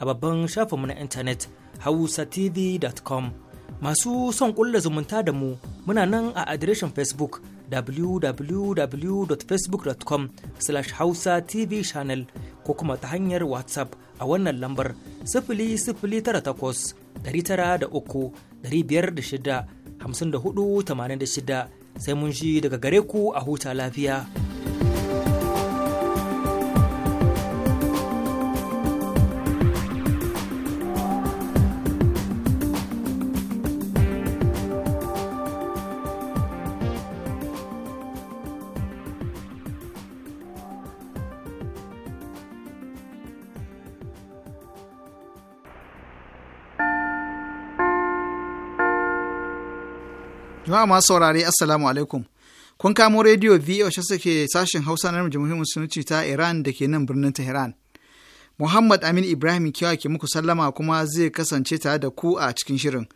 a babban shafinmu na intanet hausatv.com masu son kulla zumunta da mu muna nan a adireshin facebook www.facebook.com slash hausa tv channel ko kuma ta hanyar whatsapp a wannan lambar sifili sifili da takwas tara uku biyar shida hamsin da sai mun ji daga gare ku a huta lafiya. Jama'a masu saurare Assalamu alaikum. Kun kamo rediyo VOH suke sashen Hausa na Jamhuriyar Musulunci ta Iran da ke nan birnin Tehran. Muhammad Amin Ibrahim Kiyawa ke muku sallama kuma zai kasance tare da ku a cikin shirin.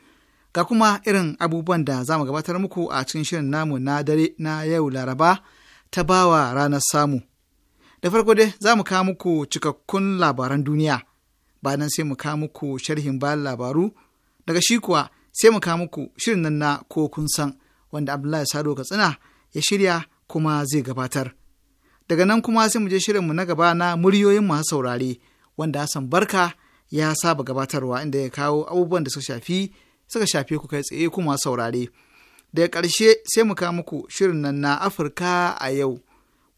Ga kuma irin abubuwan da za mu gabatar muku a cikin shirin namu na dare na yau Laraba ta bawa ranar samu. Da farko dai za mu kawo muku cikakkun labaran duniya. Bayan sai mu kawo muku sharhin bayan labaru daga shi kuwa sai mu kawo muku shirin nan na ko kun san wanda Abdullahi Sado Katsina ya shirya kuma zai gabatar. Daga nan kuma sai mu je shirin mu na gaba na muryoyin masu saurare wanda Hassan Barka ya saba gabatarwa inda ya kawo abubuwan da suka shafi suka shafe ku kai tsaye kuma saurare. Daga ƙarshe sai mu kawo muku shirin nan na Afirka a yau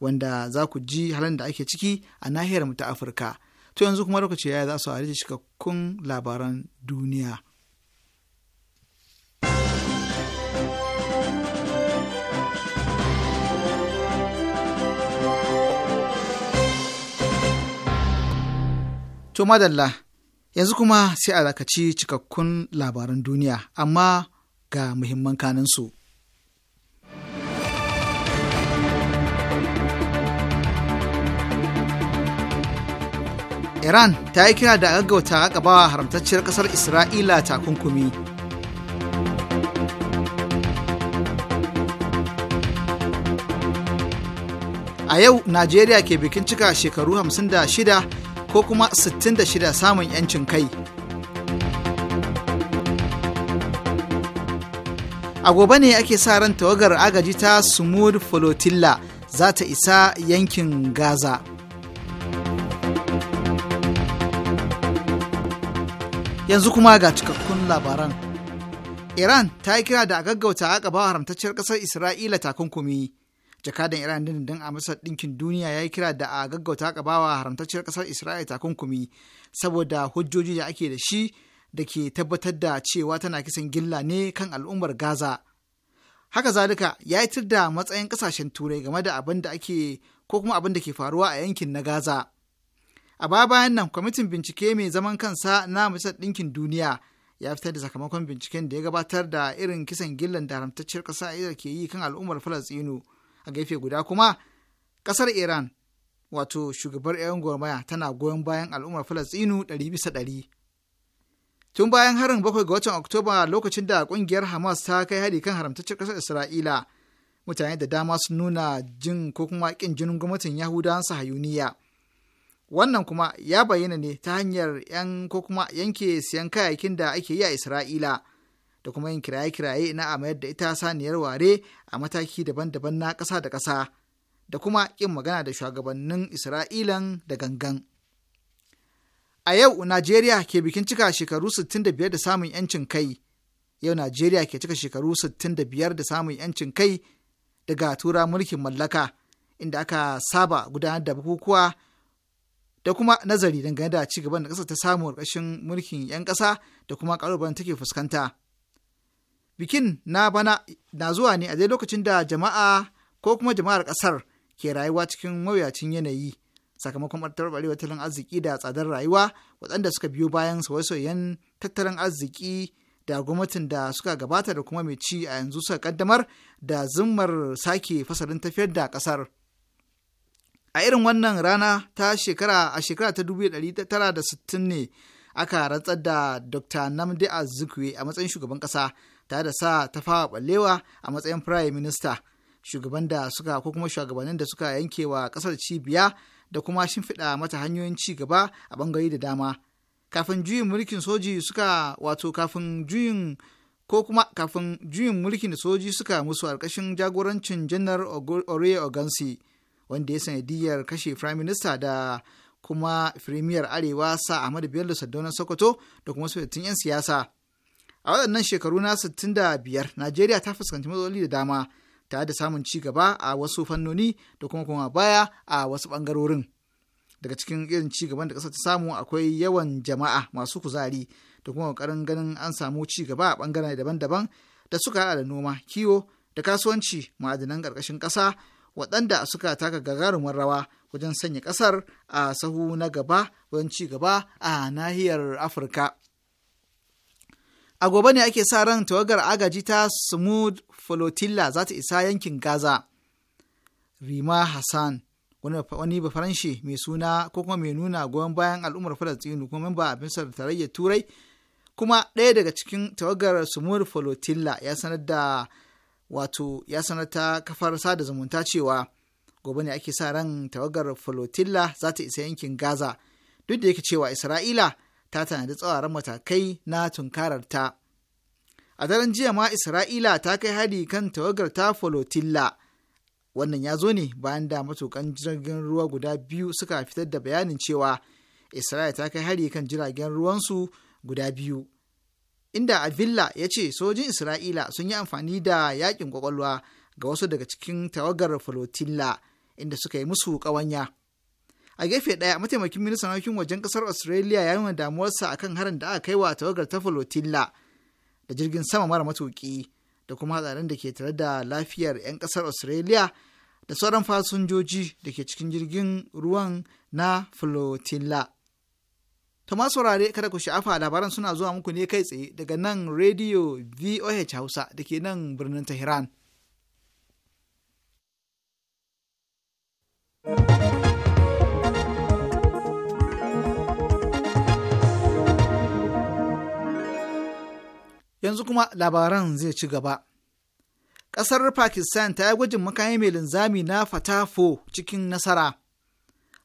wanda za ku ji halin da ake ciki a nahiyar mu ta Afirka. To yanzu kuma lokaci ya za su a cikakkun labaran duniya. To madalla, yanzu kuma sai a rakaci cikakkun labaran duniya, amma ga muhimman kanansu. Iran ta yi kira da gaggauta gabawa haramtacciyar ƙasar Isra'ila takunkumi. A yau, Najeriya ke bikin cika shekaru hamsin da 56 ko kuma 66 samun 'yancin kai. A gobe ne ake sa ran tawagar agaji ta Sumud Flotilla za ta isa yankin Gaza. Yanzu kuma ga cikakkun labaran. Iran ta yi kira da a gaggauta a gaba haramtacciyar ƙasar Isra'ila takunkumi. jakadan iran dindindin a masar ɗinkin duniya ya yi kira da a gaggauta kabawa haramtacciyar ƙasar isra'ila takunkumi saboda hujjoji da ake da shi da ke tabbatar da cewa tana kisan gilla ne kan al'ummar gaza haka zalika ya yi da matsayin kasashen turai game da abin da ake ko kuma abin da ke faruwa a yankin na gaza a baya bayan nan kwamitin bincike mai zaman kansa na majalisar ɗinkin duniya ya fitar da sakamakon binciken da ya gabatar da irin kisan gillan da haramtacciyar ƙasa ke yi kan al'ummar falastinu a gefe guda kuma kasar iran wato shugabar 'yan gwamnati tana goyon bayan al'ummar falastinu ɗari ɗari tun bayan harin bakwai ga watan oktoba lokacin da kungiyar hamas ta kai hari kan haramtaccen kasar isra'ila mutane da dama sun nuna jin ko kuma ƙin jinin gwamnatin yahudawan sahayuniya wannan kuma ya bayyana ne ta hanyar 'yan ko kuma yanke siyan kayayyakin da ake yi a isra'ila da kuma yin kiraye-kiraye na a mayar da ita saniyar ware a mataki daban-daban na ƙasa da ƙasa da kuma ƙin magana da shugabannin Isra'ilan da gangan. A yau Najeriya ke bikin cika shekaru 65 da samun 'yancin kai. Yau Najeriya ke cika shekaru 65 da samun 'yancin kai daga tura mulkin mallaka inda aka saba gudanar da bukukuwa da kuma nazari dangane da ci gaban da kasa ta samu ƙarshen mulkin 'yan ƙasa da kuma ƙalubalen take fuskanta. bikin na bana na zuwa ne a dai lokacin da jama'a ko kuma jama'ar kasar ke rayuwa cikin mawuyacin yanayi sakamakon ɓarɓarewar tattalin arziki da tsadar rayuwa waɗanda suka biyo bayan sauye-sauyen tattalin arziki da gwamnatin da suka gabata da kuma mai ci a yanzu suka kaddamar da zimmar sake fasalin tafiyar da kasar. A irin wannan rana ta shekara a shekara ta 1960 ne aka rantsar da Dr. Namdi Azikiwe a matsayin shugaban ƙasa ta da sa ta fara ballewa a matsayin prime minister shugaban da suka ko kuma shugabannin da suka yanke wa kasar cibiya da kuma shimfiɗa mata hanyoyin ci gaba a bangare da dama kafin juyin mulkin soji suka wato kafin juyin ko kuma kafin juyin mulkin da soji suka musu alkashin jagorancin janar ore ogansi wanda ya sanadiyar kashe prime minister da kuma firimiyar arewa sa ahmadu bello sardaunan sokoto da kuma sabbin 'yan siyasa a waɗannan shekaru na 65 najeriya ta fuskanci matsaloli da dama tare da samun ci gaba a wasu fannoni da kuma kuma baya a wasu ɓangarorin daga cikin irin ci gaban da ƙasar ta samu akwai yawan jama'a masu kuzari da kuma ƙoƙarin ganin an samu ci gaba a ɓangare daban-daban da suka haɗa da noma kiwo da kasuwanci ma'adanan ƙarƙashin ƙasa waɗanda suka taka gagarumar rawa wajen sanya ƙasar a sahu na gaba wajen ci gaba a nahiyar afirka a gobe ne ake sa ran tawagar agaji ta smooth flotilla za ta isa yankin gaza rima hassan wani bafaranshi mai suna ko kuma mai nuna goyon bayan al'ummar falastinu kuma memba a misar tarayyar turai kuma ɗaya daga cikin tawagar smooth flotilla ya sanar da wato ya sanar ta kafar sada zumunta cewa gobe ne ake sa ran tawagar folotilla za ta isa yankin gaza duk da yake cewa isra'ila ta tanadi tsawaran matakai na tunkarar ta. A daren jiya ma Isra'ila ta kai hari kan tawagar ta Folotilla. Wannan ya zo ne bayan da matukan jiragen ruwa guda biyu suka fitar da bayanin cewa Isra'ila ta kai hari kan jiragen ruwansu guda biyu. Inda Avilla ya ce sojin Isra'ila sun yi amfani da yakin kwakwalwa ga wasu daga cikin tawagar Folotilla inda suka yi musu ƙawanya. a gefe daya mataimakin ministan harkokin wajen kasar australia ya nuna damuwarsa akan harin da aka kai wa tawagar ta flotilla da jirgin sama mara matuki da kuma hatsarin da ke tare da lafiyar 'yan kasar australia da sauran fasinjoji da ke cikin jirgin ruwan na flotilla ta ma saurare kada ku sha'afa labaran suna zuwa muku ne kai tsaye daga nan radio voh hausa da ke nan birnin tehran Yanzu kuma labaran zai ci gaba. Ƙasar Pakistan ta yi gwajin makami mai linzami na Fatafo cikin nasara.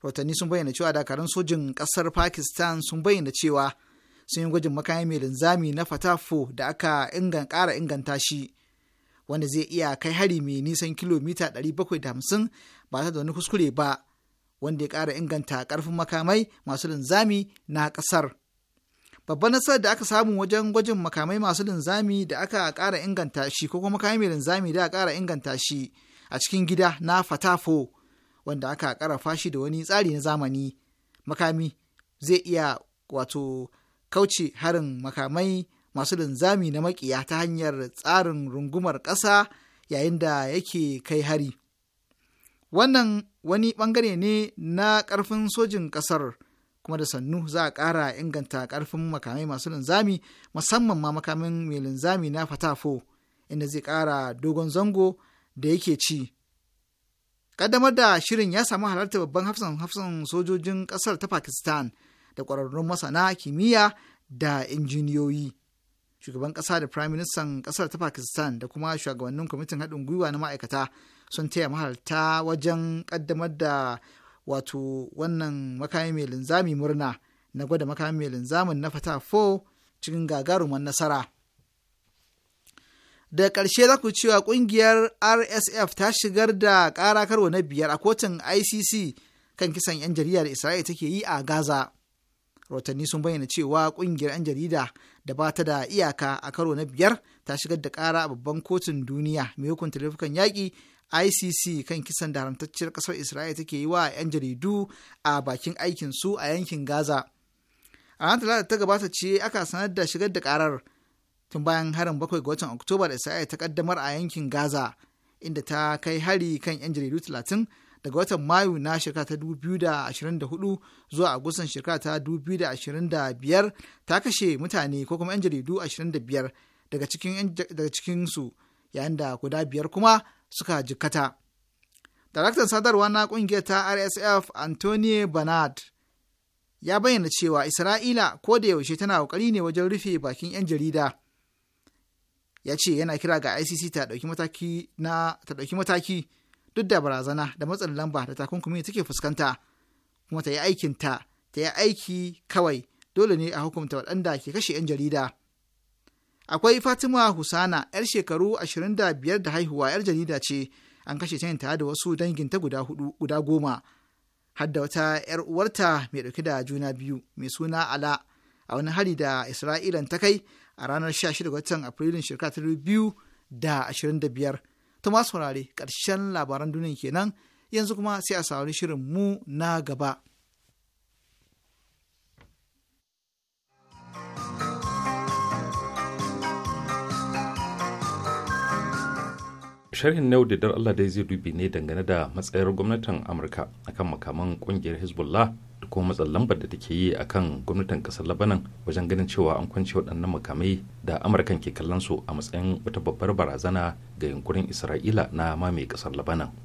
Rotanni sun bayyana cewa dakarun sojin ƙasar Pakistan sun bayyana cewa sun yi gwajin makami mai linzami na Fatafo da aka ingan ƙara inganta shi, wanda zai iya kai hari mai nisan kilomita 750 ba ta da wani kuskure ba, wanda ya ƙara inganta ƙarfin makamai masu linzami na ƙasar. babban nasarar da aka samu wajen gwajin makamai masu linzami da aka ƙara inganta shi ko kuma kayan mai linzami da aka ƙara inganta shi a cikin gida na fatafo wanda aka ƙarafa fashi da wani tsari na zamani makami zai iya wato kauce harin makamai masu linzami na makiya ta hanyar tsarin rungumar ƙasa yayin da yake kai hari wannan wani ɓangare ne na ƙarfin sojin ƙasar kuma da sannu za a ƙara inganta karfin makamai masu linzami musamman ma makamin mai linzami na fatafo inda zai ƙara dogon zango da yake ci ƙaddamar da shirin ya samu halarta babban hafsan hafsan sojojin ƙasar ta pakistan da ƙwararrun masana kimiyya da injiniyoyi shugaban ƙasa da prime minister ƙasar ta pakistan da kuma shugabannin kwamitin haɗin gwiwa na ma'aikata sun taya mahalarta wajen ƙaddamar da wato wannan makami mai linzami murna na gwada makami mai linzamin na fata 4 cikin gagarumar nasara. Da ƙarshe za ku cewa ƙungiyar RSF ta shigar da ƙara karo na biyar a kotun ICC kan kisan 'yan jarida da Isra'ila take yi a Gaza. Rotanni sun bayyana cewa ƙungiyar 'yan jarida da ba ta da iyaka a karo na biyar ta shigar da ƙara a babban kotun duniya mai hukunta laifukan yaƙi ICC kan kisan da kasar kasar Isra'ila take yi wa 'yan jaridu a bakin aikin su a yankin Gaza. A ranar Talata ta gabata ce aka sanar da shigar da karar tun bayan harin bakwai ga watan Oktoba da Isra'ila ta kaddamar a yankin Gaza inda ta kai hari kan 'yan jaridu talatin daga watan Mayu na shekara ta 2024 zuwa Agustan shekara ta 2025 ta kashe mutane ko kuma 'yan jaridu 25 daga cikin su yayin da guda biyar kuma suka jikkata. Daraktan sadarwa na ƙungiyar ta RSF Anthony Bernard ya bayyana cewa Isra'ila ko da yaushe tana ƙoƙari ne wajen rufe bakin 'yan jarida. Ya ce yana kira ga ICC ta ɗauki mataki na ta ɗauki mataki duk da barazana da matsin lamba da takunkumi take fuskanta kuma ta yi aikinta ta yi aiki kawai dole ne a hukunta waɗanda ke kashe 'yan jarida. akwai fatima husana yar shekaru ashirin da haihuwa yar jarida ce an kashe ta tare da wasu danginta guda hudu guda goma hadda wata yar uwarta mai dauke da juna biyu mai suna ala a wani hari da isra'ilan ta kai a ranar 16 watan afrilun shekara ta biyu da ashirin da biyar ta masu karshen labaran duniya kenan yanzu kuma sai a saurari shirin mu na gaba. sharhin na da Allah dai zai dubi ne dangane da matsayar gwamnatin amurka akan makaman kungiyar hezbollah da kuma matsin lambar da take yi akan gwamnatin kasar labanan wajen ganin cewa an kwance waɗannan makamai da amurkan ke kallon su a matsayin wata babbar barazana ga yunkurin isra'ila na mamaye kasar labanan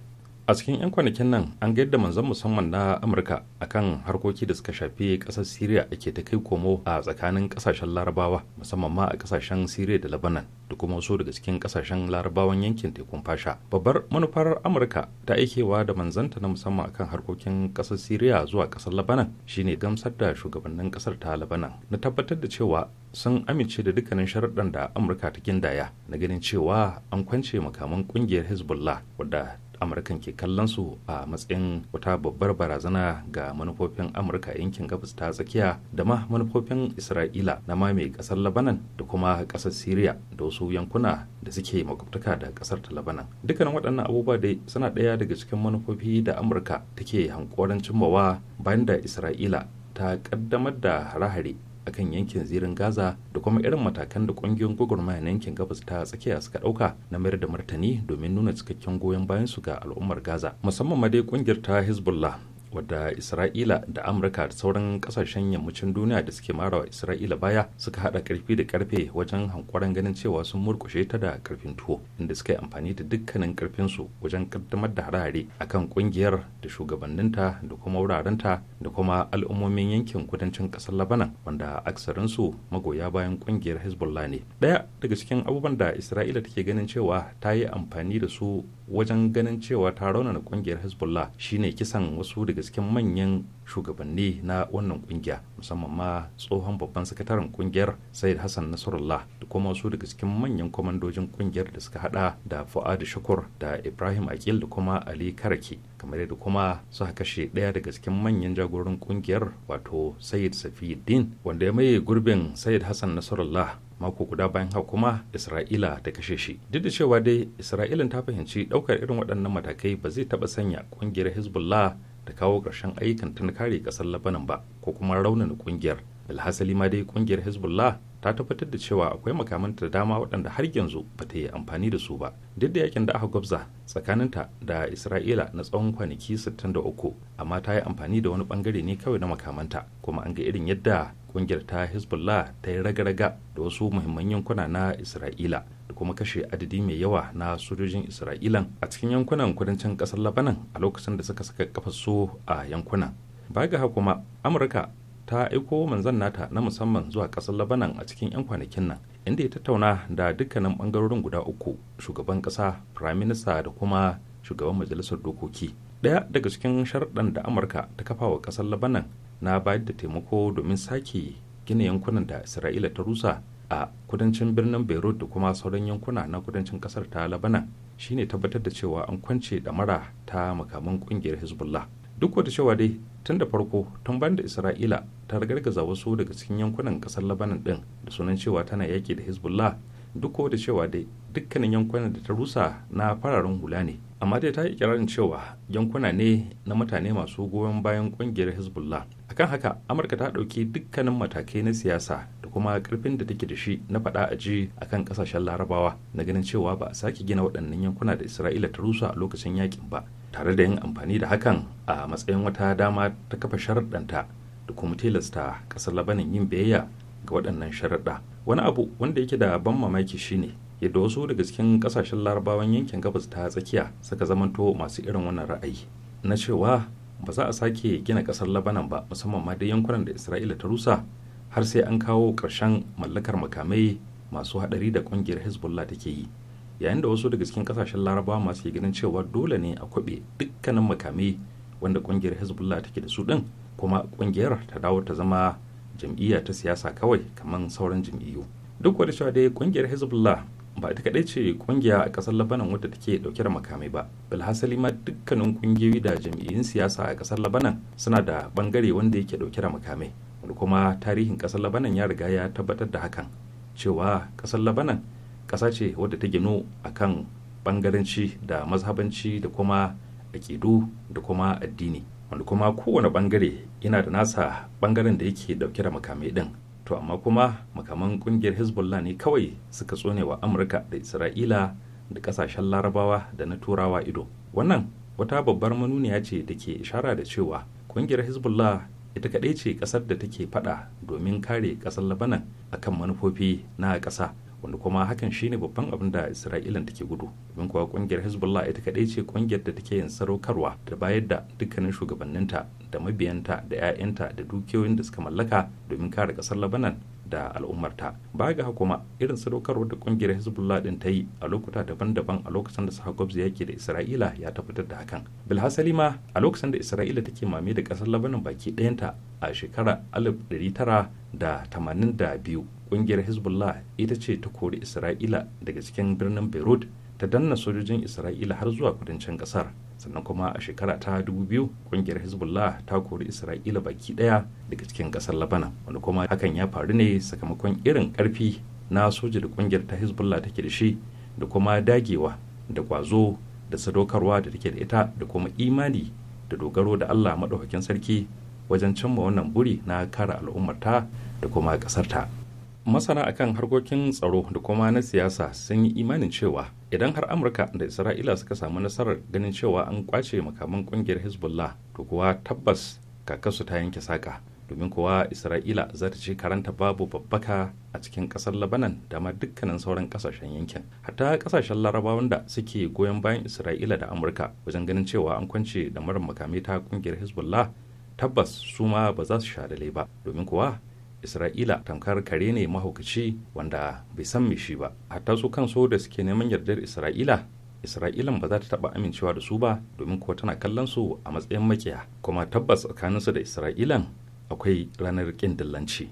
a cikin 'yan kwanakin nan an ga yadda manzan musamman na amurka akan harkoki da suka shafi kasar syria ake ta kai komo a tsakanin kasashen larabawa musamman ma a kasashen syria da labanan da kuma wasu daga cikin kasashen larabawan yankin tekun fasha babbar manufar amurka ta aikewa da manzanta na musamman akan harkokin kasar syria zuwa kasar labanan shine gamsar da shugabannin kasar ta labanan na tabbatar da cewa sun amince da dukkanin sharaɗan da amurka ta gindaya na ganin cewa an kwance makaman kungiyar hezbollah wadda amurkan ke kallon su a matsayin wata babbar barazana ga manufofin amurka yankin gabas ta tsakiya da ma manufofin isra'ila na ma mai kasar labanan da kuma kasar syria da wasu yankuna da suke makwabtaka da kasar ta labanan dukkanin waɗannan abubuwa dai suna ɗaya daga cikin manufofi da amurka take hankoran cimmawa bayan da isra'ila ta ƙaddamar da rahare akan yankin zirin gaza da kuma irin matakan da kungiyoyin gwagwarmaya na yankin gabas ta tsakiya suka dauka na mayar da martani domin nuna cikakken goyon bayan su ga al'ummar gaza musamman ma dai kungiyar ta hezbollah wadda isra'ila da amurka da sauran kasashen yammacin duniya da suke marawa isra'ila baya suka hada karfi da karfe wajen hankoran ganin cewa sun murkushe ta da karfin tuwo inda suka yi amfani da dukkanin karfinsu wajen kaddamar da harare kan kungiyar da shugabanninta da kuma wurarenta da kuma al'ummomin yankin kudancin kasar labanan wanda aksarinsu magoya bayan kungiyar hezbollah ne daya daga cikin abubuwan da isra'ila take ganin cewa ta yi amfani da su wajen ganin cewa ta raunana kungiyar hezbollah shine kisan wasu daga cikin manyan shugabanni na wannan kungiya musamman ma tsohon babban sakataren kungiyar said hassan nasarullah da kuma wasu daga cikin manyan kwamandojin kungiyar da suka hada da fuad shukur da ibrahim akil da kuma ali karaki kamar yadda kuma suka kashe ɗaya daga cikin manyan jagoran kungiyar wato said safiuddin wanda ya maye gurbin said hassan nasarullah mako guda bayan haka kuma isra'ila ta kashe shi duk da cewa dai isra'ilan ta fahimci daukar irin waɗannan matakai ba zai taɓa sanya ƙungiyar hezbollah da kawo ƙarshen ayyukan ta na kare ƙasar labanan ba ko kuma raunin ƙungiyar alhasali ma dai ƙungiyar hezbollah ta tabbatar da cewa akwai makamanta da dama waɗanda har yanzu ba ta yi amfani da su ba duk da yakin da aka gwabza tsakaninta da isra'ila na tsawon kwanaki 63 amma ta yi amfani da wani bangare ne kawai na makamanta kuma an ga irin yadda kungiyar ta hezbollah ta yi ragaraga da wasu muhimman yankuna na isra'ila da kuma kashe adadi mai yawa na sojojin isra'ilan a cikin yankunan kudancin kasar labanan a lokacin da suka saka kafasu a yankunan baya ga kuma amurka ta aiko manzan nata na musamman zuwa ƙasar labanan a cikin 'yan kwanakin nan inda ya tattauna da dukkanin ɓangarorin guda uku shugaban ƙasa prime minister da kuma shugaban majalisar dokoki ɗaya daga cikin sharɗan da amurka ta kafa wa ƙasar labanan na bayar da taimako domin sake gina yankunan da isra'ila ta rusa a kudancin birnin beirut da kuma sauran yankuna na kudancin ƙasar ta labanan shine tabbatar da cewa an kwance da mara ta makaman ƙungiyar hezbollah duk wata cewa dai tun da farko tun banda isra'ila ta gargaza wasu daga cikin yankunan kasar labanan din da sunan cewa tana yaki da hezbollah duk da cewa dai dukkanin yankunan da ta rusa na fararen hula ne amma dai ta yi kirarin cewa yankuna ne na mutane masu goyon bayan kungiyar hezbollah akan haka amurka ta ɗauki dukkanin matakai na siyasa kuma karfin da take da shi na faɗa a ji a kan ƙasashen larabawa na ganin cewa ba a sake gina waɗannan yankuna da isra'ila ta rusa a lokacin yakin ba tare da yin amfani da hakan a matsayin wata dama ta kafa sharaɗanta da kuma tilasta ƙasar labanin yin biyayya ga waɗannan sharaɗa wani abu wanda yake da ban mamaki shine yadda wasu daga cikin ƙasashen larabawan yankin gabas ta tsakiya suka zamanto masu irin wannan ra'ayi na cewa ba za a sake gina ƙasar labanan ba musamman ma da yankunan da isra'ila ta rusa har sai an kawo ƙarshen mallakar makamai masu haɗari da ƙungiyar hezbollah take yi yayin da wasu daga cikin ƙasashen larabawa masu ganin cewa dole ne a kwabe dukkanin makamai wanda ƙungiyar hezbollah take da su ɗin kuma ƙungiyar ta dawo ta zama jam'iyya ta siyasa kawai kamar sauran jam'iyyu duk wani cewa dai ƙungiyar hezbollah ba ita kadai ce ƙungiya a ƙasar labanan wadda take ɗauke da makamai ba bilhassali ma dukkanin ƙungiyoyi da jam'iyyun siyasa a kasar labanan suna da ɓangare wanda yake ɗauke da makamai da kuma tarihin ƙasar labanan ya riga ya tabbatar da hakan cewa ƙasar labanan ƙasa ce wadda ta ginu kan bangaranci da mazhabanci da kuma aƙidu da kuma addini wanda kuma kowane bangare yana da nasa bangaren da yake ɗauke da makamai ɗin, to amma kuma makaman ƙungiyar hezbollah ne kawai suka tsone wa amurka da isra'ila da ƙasashen larabawa da na turawa ido wannan wata babbar manuniya ce da ke ishara da cewa ƙungiyar hezbollah ita kaɗai ce ƙasar da take faɗa domin kare ƙasar labanan akan manufofi na ƙasa wanda kuma hakan shine babban abin da isra'ilan take gudu domin kuwa kungiyar hezbollah ita kaɗai ce kungiyar da take yin sarokarwa da bayar da dukkanin shugabanninta da mabiyanta da 'ya'yanta da dukiyoyin da suka mallaka domin kare kasar labanan da al'ummarta ba ga kuma irin sadaukarwar da kungiyar hezbollah din ta yi a lokuta daban-daban a lokacin da saha gwabza yaki da isra'ila ya tabbatar da hakan bilhassali ma a lokacin da isra'ila take mame da kasar labanan baki ɗayanta a shekara 1982 kungiyar hezbollah ita ce ta kori isra'ila daga cikin birnin beirut ta danna sojojin isra'ila har zuwa kudancin kasar sannan kuma a shekara ta dubu biyu kungiyar hezbollah ta kori isra'ila baki daya daga cikin kasar labanan wanda kuma hakan ya faru ne sakamakon irin karfi na soja da kungiyar ta hezbollah take da shi da kuma dagewa da kwazo da sadaukarwa da take da ita da kuma imani da dogaro da allah maɗaukakin sarki wajen cimma wannan buri na kare al'ummarta da kuma ƙasarta. masana akan harkokin tsaro da kuma na siyasa sun yi imanin cewa idan har amurka da isra'ila suka samu nasarar ganin cewa an kwace makaman kungiyar hezbollah to kuwa tabbas kakasu ta yanke saka domin kuwa isra'ila za ta ci karanta babu babbaka a cikin kasar labanan da ma dukkanin sauran kasashen yankin hatta kasashen larabawan da suke goyon bayan isra'ila da amurka wajen ganin cewa an kwance da marar makamai ta kungiyar hezbollah tabbas su ma ba za su sha ba domin kuwa isra'ila tamkar kare ne mahaukaci wanda bai san me shi ba hatta su da suke neman yardar isra'ila isra'ilan ba za ta taba amincewa da su ba domin kuwa tana kallon su a matsayin makiya kuma tabbas tsakanin su da isra'ilan akwai ranar kin dillanci.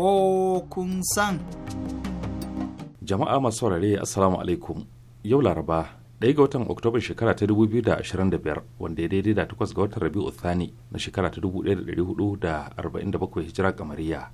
ko kun san. jama'a masu saurare assalamu alaikum yau laraba ɗaya ga watan oktoba shekara ta 2025 wanda ya daidai da takwas ga watan rabi'u thani na shekara ta 1447 hijira kamariya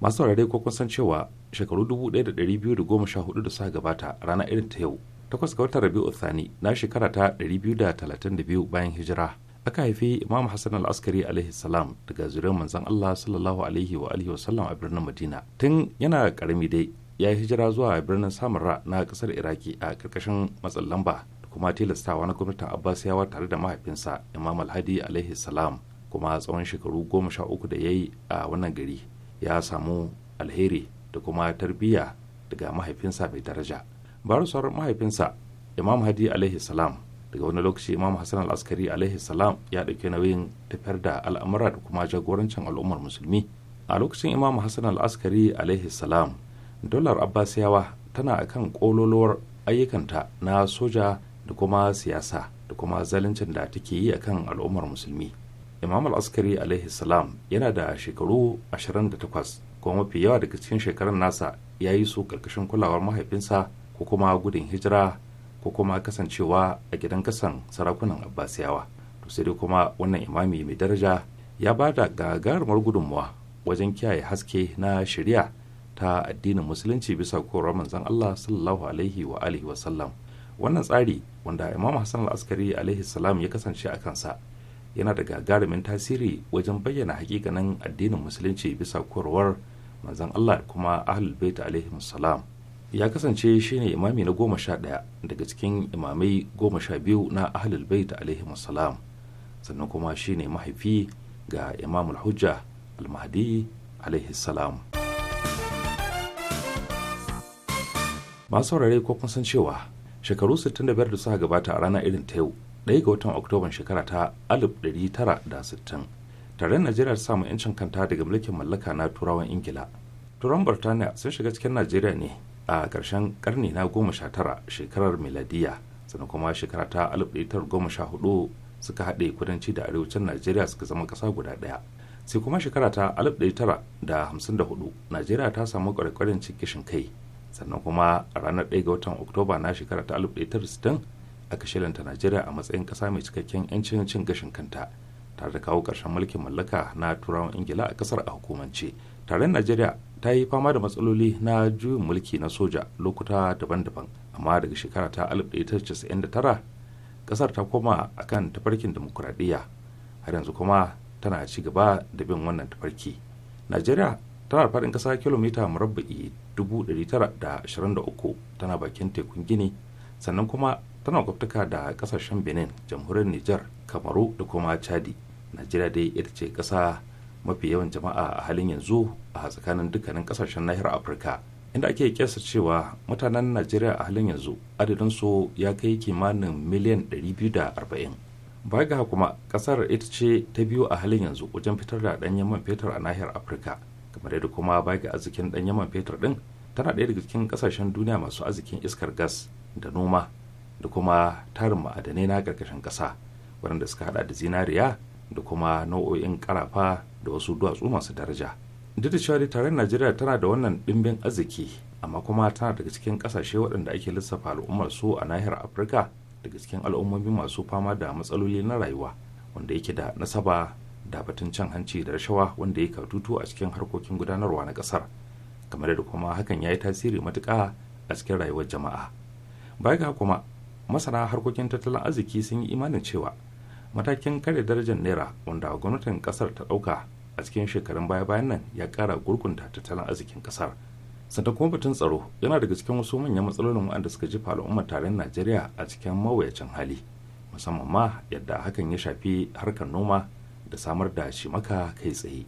masu saurare ko kun san cewa shekaru 1214 da suka gabata rana irin ta yau takwas ga watan rabi'u thani na shekara ta 232 bayan hijira aka haifi imam hassan al-askari alaihi salam daga zuriyar manzon allah sallallahu alaihi wa alihi sallam a birnin madina tun yana karami dai ya yi hijira zuwa birnin samarra na kasar iraki a karkashin matsin lamba da kuma tilastawa na gwamnatin abbasiyawa tare da mahaifinsa imam alhadi alaihi salam kuma tsawon shekaru goma sha uku da ya yi a wannan gari ya samu alheri da kuma tarbiyya daga mahaifinsa mai daraja barisuwar mahaifinsa imam hadi alaihi salam daga wani lokaci imam hassan al-askari alaihi salam ya ɗauki nauyin tafiyar da al'amura da kuma jagorancin al'ummar musulmi a lokacin imam hassan al-askari alaihi salam dolar abbasiyawa tana akan kololuwar ayyukanta na soja da kuma siyasa da kuma zaluncin da take yi a kan al'ummar musulmi imam al-askari alaihi salam yana da shekaru 28 kuma mafi yawa daga cikin shekarun nasa ya yi su karkashin kulawar mahaifinsa ko kuma gudun hijira ko kuma kasancewa a gidan kasan sarakunan abbasiyawa to sai dai kuma wannan imami mai daraja ya ba da gagarumar gudunmuwa wajen kiyaye haske na shari'a ta addinin musulunci bisa korar manzon Allah sallallahu alaihi wa alihi wa sallam wannan tsari wanda Imam Hassan al-Askari alaihi salam ya kasance a kansa yana da gagarumin tasiri wajen bayyana hakikanin addinin musulunci bisa korowar manzon Allah da kuma ahlul bait alaihi salam ya kasance shine imami na goma sha ɗaya daga cikin imamai goma sha biyu na ahlul bait alaihi salam sannan kuma shine mahaifi ga imamul hujja al-mahdi alaihi salam masu saurare ko kun san cewa shekaru 65 da suka gabata a rana irin ta yau ɗaya ga watan oktoban shekara ta 1960 tare najeriya ta samu 'yancin kanta daga mulkin mallaka na turawan ingila turan birtaniya sun shiga cikin najeriya ne a karshen karni na 19 shekarar miladiya sannan kuma shekara ta 1914 suka haɗe kudanci da arewacin najeriya suka zama kasa guda ɗaya sai kuma shekara ta 1954 najeriya ta samu ƙwarƙwarin cikin kai sannan kuma a ranar 1 ga watan oktoba na shekara ta 1960 aka shirinta najeriya a matsayin ƙasa mai cikakken 'yancin cin gashin kanta tare da kawo ƙarshen mulkin mallaka na turawan ingila a kasar a hukumance taron najeriya ta yi fama da matsaloli na juyin mulki na soja lokuta daban-daban amma daga shekara ta da tara ƙasar ta koma akan tafarkin demokuraɗiyya har yanzu kuma tana ci gaba da bin wannan tafarki najeriya tana da faɗin ƙasa kilomita murabba'i 923 tana bakin tekun gini sannan kuma tana kwaftuka da ƙasashen benin jamhuriyar niger kamaru da kuma chadi najeriya dai ita ce ƙasa mafi yawan jama'a a halin yanzu a tsakanin dukkanin ƙasashen nahiyar afirka inda ake kyasa cewa mutanen najeriya a halin yanzu adadin su ya kai kimanin miliyan 240 baya ga kuma ƙasar ita ce ta biyu a halin yanzu wajen fitar da ɗanyen man fetur a nahiyar afirka kamar yadda kuma baki arzikin dan yaman fetur ɗin tana ɗaya daga cikin ƙasashen duniya masu arzikin iskar gas da noma da kuma tarin ma'adanai na ƙarƙashin ƙasa waɗanda suka haɗa da zinariya da kuma nau'o'in ƙarafa da wasu duwatsu masu daraja duk da cewa dai tarayyar najeriya tana da wannan ɗimbin arziki amma kuma tana daga cikin ƙasashe waɗanda ake lissafa al'ummar su a nahiyar afirka daga cikin al'ummomi masu fama da matsaloli na rayuwa wanda yake da nasaba da batun cin hanci da rashawa wanda ya katutu a cikin harkokin gudanarwa na kasar kamar da kuma hakan ya yi tasiri matuƙa a cikin rayuwar jama'a baya ga kuma masana harkokin tattalin arziki sun yi imanin cewa matakin kare darajar naira wanda gwamnatin kasar ta ɗauka a cikin shekarun baya-bayan nan ya kara gurgunta tattalin arzikin kasar sannan kuma batun tsaro yana daga cikin wasu manyan matsalolin waɗanda suka jefa al'ummar tarayyar najeriya a cikin mawuyacin hali musamman ma yadda hakan ya shafi harkar noma da samar da shi maka kai tsaye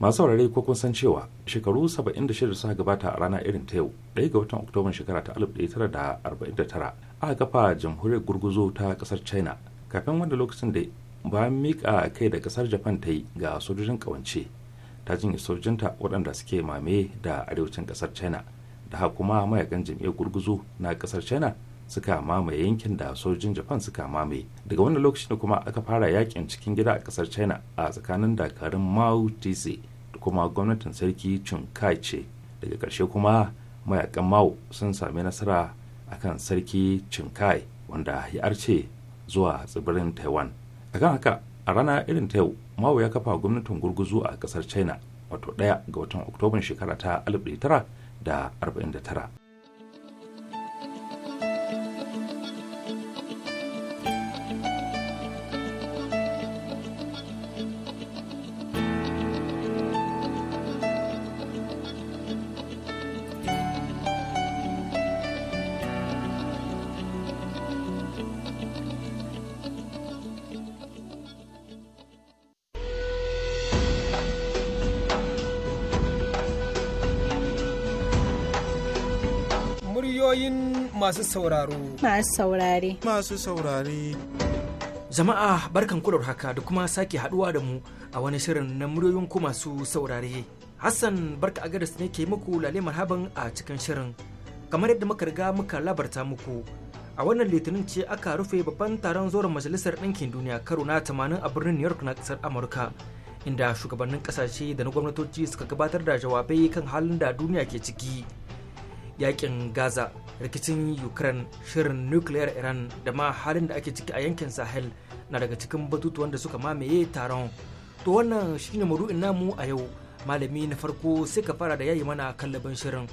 masu saurare ko kun san cewa shekaru 76 suka gabata a rana irin ta yau ɗaya ga watan oktoban shekara ta 1949 aka kafa jamhuriyar gurguzo ta ƙasar china kafin wanda lokacin da bayan mika kai da ƙasar japan ta yi ga sojojin ƙawance ta jinya sojojinta waɗanda suke mame da arewacin ƙasar china da kuma mayakan jam'iyyar gurguzo na ƙasar china suka mamaye yankin da sojin japan suka mamaye daga wannan lokacin da kuma aka fara yakin cikin gida a kasar china a tsakanin dakarun mao tse da kuma gwamnatin sarki chun kai ce daga karshe kuma mayakan mao sun sami nasara akan sarki chun kai wanda ya arce zuwa tsibirin taiwan akan haka a rana irin ta yau mao ya kafa gwamnatin gurguzu a kasar china wato ɗaya ga watan oktoban shekara ta 1949 masu sauraro. Masu saurare. Masu saurare. Jama'a barkan kudur haka da kuma sake haduwa da mu a wani shirin na muryoyin ku masu saurare. Hassan barka a gadas ne ke muku lale marhaban a cikin shirin. Kamar yadda muka riga muka labarta muku a wannan litinin ce aka rufe babban taron zoron majalisar ɗinkin duniya karo na 80 a birnin New York na ƙasar Amurka. Inda shugabannin ƙasashe da na gwamnatoci suka gabatar da jawabai kan halin da duniya ke ciki. yakin gaza rikicin ukraine shirin nukiliyar iran da ma halin da ake ciki a yankin sahel na daga cikin batutuwan da suka mamaye taron to wannan shine maru'in namu a yau malami na farko sai ka fara da yayi mana kallaban shirin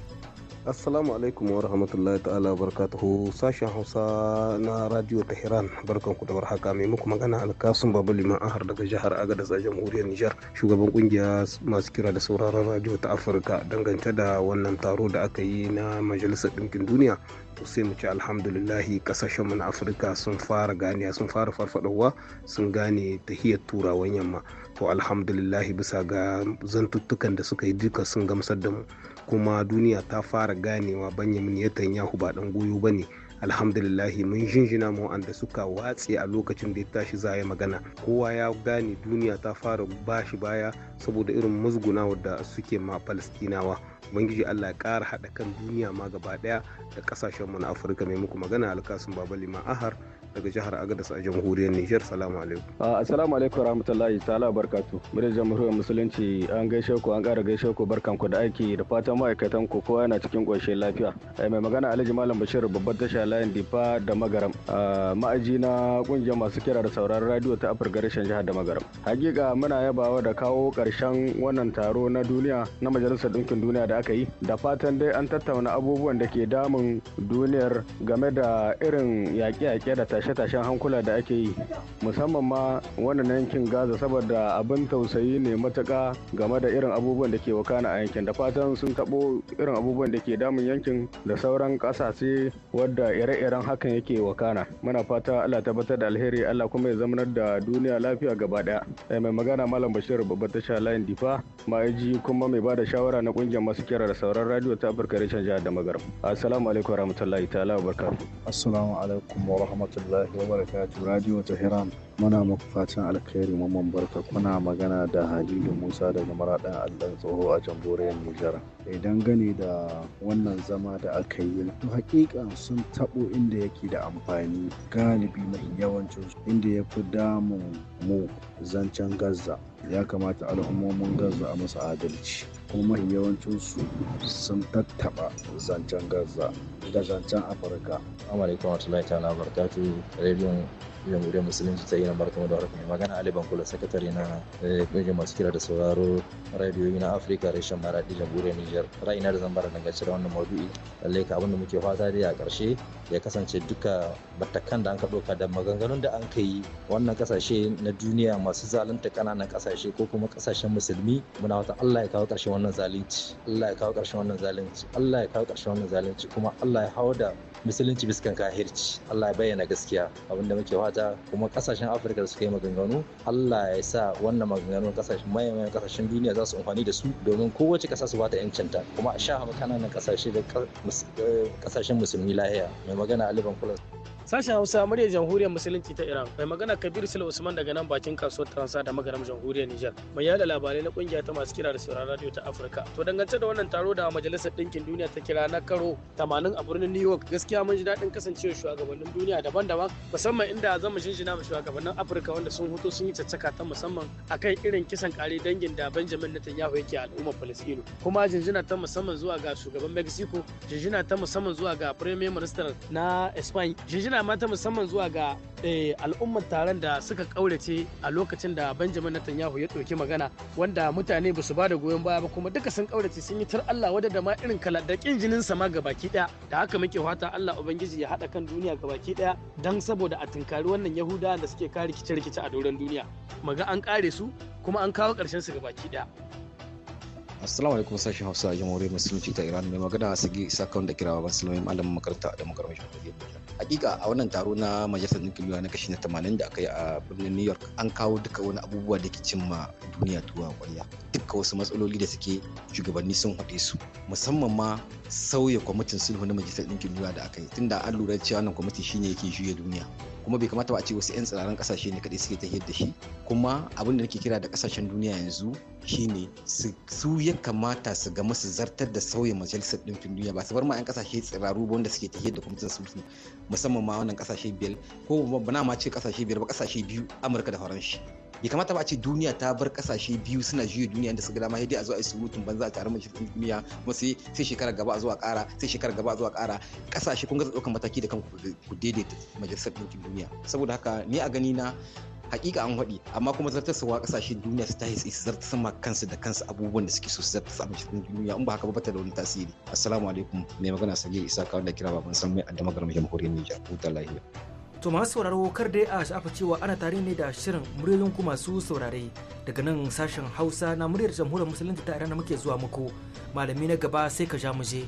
assalamu alaikum wa rahmatullahi ta'ala barakatuhu sashen hausa na radio tehran barkan ku da warhaka mai muku magana alkasun babu liman daga jihar agadas a jamhuriyar nijar shugaban kungiya masu kira da sauraron radio ta afirka dangance da wannan taro da aka yi na majalisar ɗinkin duniya to sai mu ci alhamdulillahi kasashen mu na afirka sun fara ganiya sun fara farfadowa sun gane tahiyar turawan yamma to alhamdulillahi bisa ga zantuttukan da suka yi duka sun gamsar da mu kuma duniya ta fara ganewa banyamin yatan yahu ba dan goyo bane alhamdulillahi mun jinjina mu da suka watse a lokacin da ya tashi zaya magana kowa ya gane duniya ta fara bashi baya saboda irin musguna wadda suke ma palestinawa ubangiji allah ya kara haɗa kan duniya ma gaba daya da ƙasashen mu na afirka mai muku magana alkasun babali ma ahar daga jihar Agadas a jamhuriyar niger Salamu alaikum. Ah, assalamu alaikum rahmatullahi ta'ala barkatu. Muryar jamhuriyar musulunci an gaishe ku an kara gaishe ku barkan ku da aiki da fatan ma'aikatan ku kowa yana cikin ƙoshin lafiya. Eh, mai magana Alhaji Malam Bashir babban tasha layin Difa da Magaram. Ah, ma'aji na ƙungiyar masu kira da sauraron radio ta Afirka rashin jihar da Magaram. Hakika muna yabawa da kawo ƙarshen wannan taro na duniya na Majalisar Ɗinkin Duniya da aka yi da fatan dai an tattauna abubuwan da ke damun duniyar game da irin yaƙe-yaƙe da tashi tashe-tashen hankula da ake yi musamman ma wannan yankin gaza saboda abin tausayi ne matuka game da irin abubuwan da ke wakana a yankin da fatan sun tabo irin abubuwan da ke damun yankin da sauran ƙasashe wadda ire-iren hakan yake wakana muna fata allah tabbatar da alheri allah kuma ya zamanar da duniya lafiya gaba ɗaya eh, mai magana malam bashir babbar tasha layin difa ma'aji kuma mai bada shawara na ƙungiyar masu kira da sauran radio ta afirka reshen jihar da magaram assalamu alaikum warahmatullahi ta'ala wa assalamu alaikum warahmatullahi الله وبركاته راديو تهران muna muku fatan alkhairi mamman barka kuna magana da halilu musa daga maraɗin allah tsoho a jamhuriyar nijar idan e, gane da wannan zama da aka yi to hakika sun taɓo inda yake da amfani galibi mai yawancin inda ya fi damun mu zancen gaza ya kamata al'ummomin gaza a masa adalci kuma mafi yawancinsu sun tattaba zancen gaza da zancen afirka amurka wata na rediyon jamhuriyar musulunci ta yi na barkamu da mai magana ali bankula sakatare na eh, kungiyar masu kira da sauraro radiyoyi na afirka reshen maradi jamhuriyar niger ra'ayina da zambara dangance da wannan maudu'i lallai ka abinda da muke fata dai a ƙarshe ya kasance duka batakan da an ka ɗauka da maganganun da an ka yi wannan ƙasashe na duniya masu zalunta ƙananan ƙasashe ko kuma ƙasashen musulmi muna wata allah ya kawo ƙarshen wannan zalunci allah ya kawo ƙarshen wannan zalunci allah ya kawo ƙarshen wannan zalunci kuma allah ya hau da musulunci biskan kahirci allah ya bayyana gaskiya abinda muke fata fata kuma kasashen afirka da suka yi maganganu allah ya sa wannan maganganun kasashen mayan kasashen duniya za su amfani da su domin kowace kasa su bata yancinta kuma a sha kananan kasashe da eh, kasashen musulmi lahiya mai magana aliban kulas Sashen Hausa muryar Jamhuriyar Musulunci ta Iran mai magana Kabir Sule Usman daga nan bakin kasuwar Transa da magaram Jamhuriyar Nijar. Mai yada labarai na kungiya ta masu kira da sauran radio ta Afirka. To dangance da wannan taro da Majalisar Dinkin Duniya ta kira na karo 80 a birnin New York gaskiya mun ji daɗin kasancewar shugabannin duniya daban-daban musamman inda zama jinjina ma shugabannin Afirka wanda sun hoto sun yi caccaka ta musamman a akan irin kisan kare dangin da Benjamin Netanyahu yake al'ummar palestino Kuma jinjina ta musamman zuwa ga shugaban Mexico, jinjina ta musamman zuwa ga Premier Minister na Spain, jinjina magana ma ta musamman zuwa ga eh, al'ummar taron da suka ƙaurace a lokacin da Benjamin Netanyahu ya ɗauki magana wanda mutane ba su ba da goyon baya ba kuma duka sun kaurace sun yi tar Allah wadda da ma irin kala da kin jinin sama ga baki daya da haka muke fata Allah ubangiji ya haɗa kan duniya baki daya dan saboda a tunkari wannan yahudawa da suke kare rikice-rikice a doron duniya maga an kare su kuma an kawo ƙarshen su baki daya assalamu alaikum sashen hausa a jamhuriyar musulunci ta iran mai magana isa sakon da kirawa ba sulamai malamin makaranta da makarmashin kudi hakika a wannan taro na majalisar nukiliya na kashi na tamanin da aka yi a birnin new york an kawo duka wani abubuwa da ke cimma duniya tuwa kwarya duka wasu matsaloli da suke shugabanni sun haɗe su musamman ma sauya kwamitin sulhu na majalisar ɗinkin duniya da aka yi tunda an lura cewa wannan kwamiti shine yake juya duniya kuma bai kamata ba a ce wasu 'yan tsiraran kasashe ne kaɗai suke tafiyar da shi kuma abin da nake kira da kasashen duniya yanzu shine su ya kamata su ga masu zartar da sauya majalisar ɗinkin duniya ba su bar ma 'yan kasashe tsiraru ba wanda suke tafiye da kwamitin sulhu musamman ma wannan kasashe biyar ko ba ma ce kasashe biyar ba kasashe biyu amurka da faranshi ya kamata ba a ce duniya ta bar kasashe biyu suna juya duniya da su ga dama yadda a zo a yi surutun banza a taron majalisar duniya kuma sai sai shekara gaba a zo a sai shekara gaba a zo a ƙara kasashe kun ga ɗaukar mataki da kanku ku daidaita majalisar ɗinkin duniya saboda haka ni a gani na hakika an haɗi amma kuma wa kasashen duniya su tahi su zarta sama kansu da kansu abubuwan da suke so su zarta sama cikin duniya in ba haka ba ta da wani tasiri assalamu alaikum mai magana sagir isa kawo da kira baban san mai addama garin jamhuriyar Nijar huta lahiya to masu sauraro kar dai a shafa cewa ana tare ne da shirin muryoyin ku masu saurare daga nan sashen hausa na muryar jamhuriyar musulunci ta iran muke zuwa muku malami na gaba sai ka ja mu je